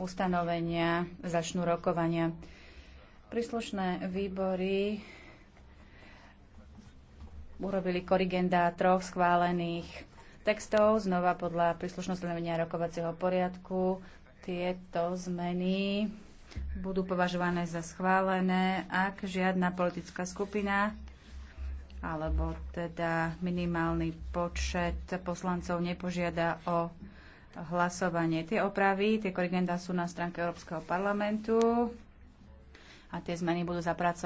ustanovenia začnú rokovania. Príslušné výbory urobili korigendá troch schválených textov, znova podľa príslušnosti stanovenia rokovacieho poriadku. Tieto zmeny budú považované za schválené, ak žiadna politická skupina alebo teda minimálny počet poslancov nepožiada o hlasovanie. Tie opravy, tie korigenda sú na stránke Európskeho parlamentu a tie zmeny budú zapracované.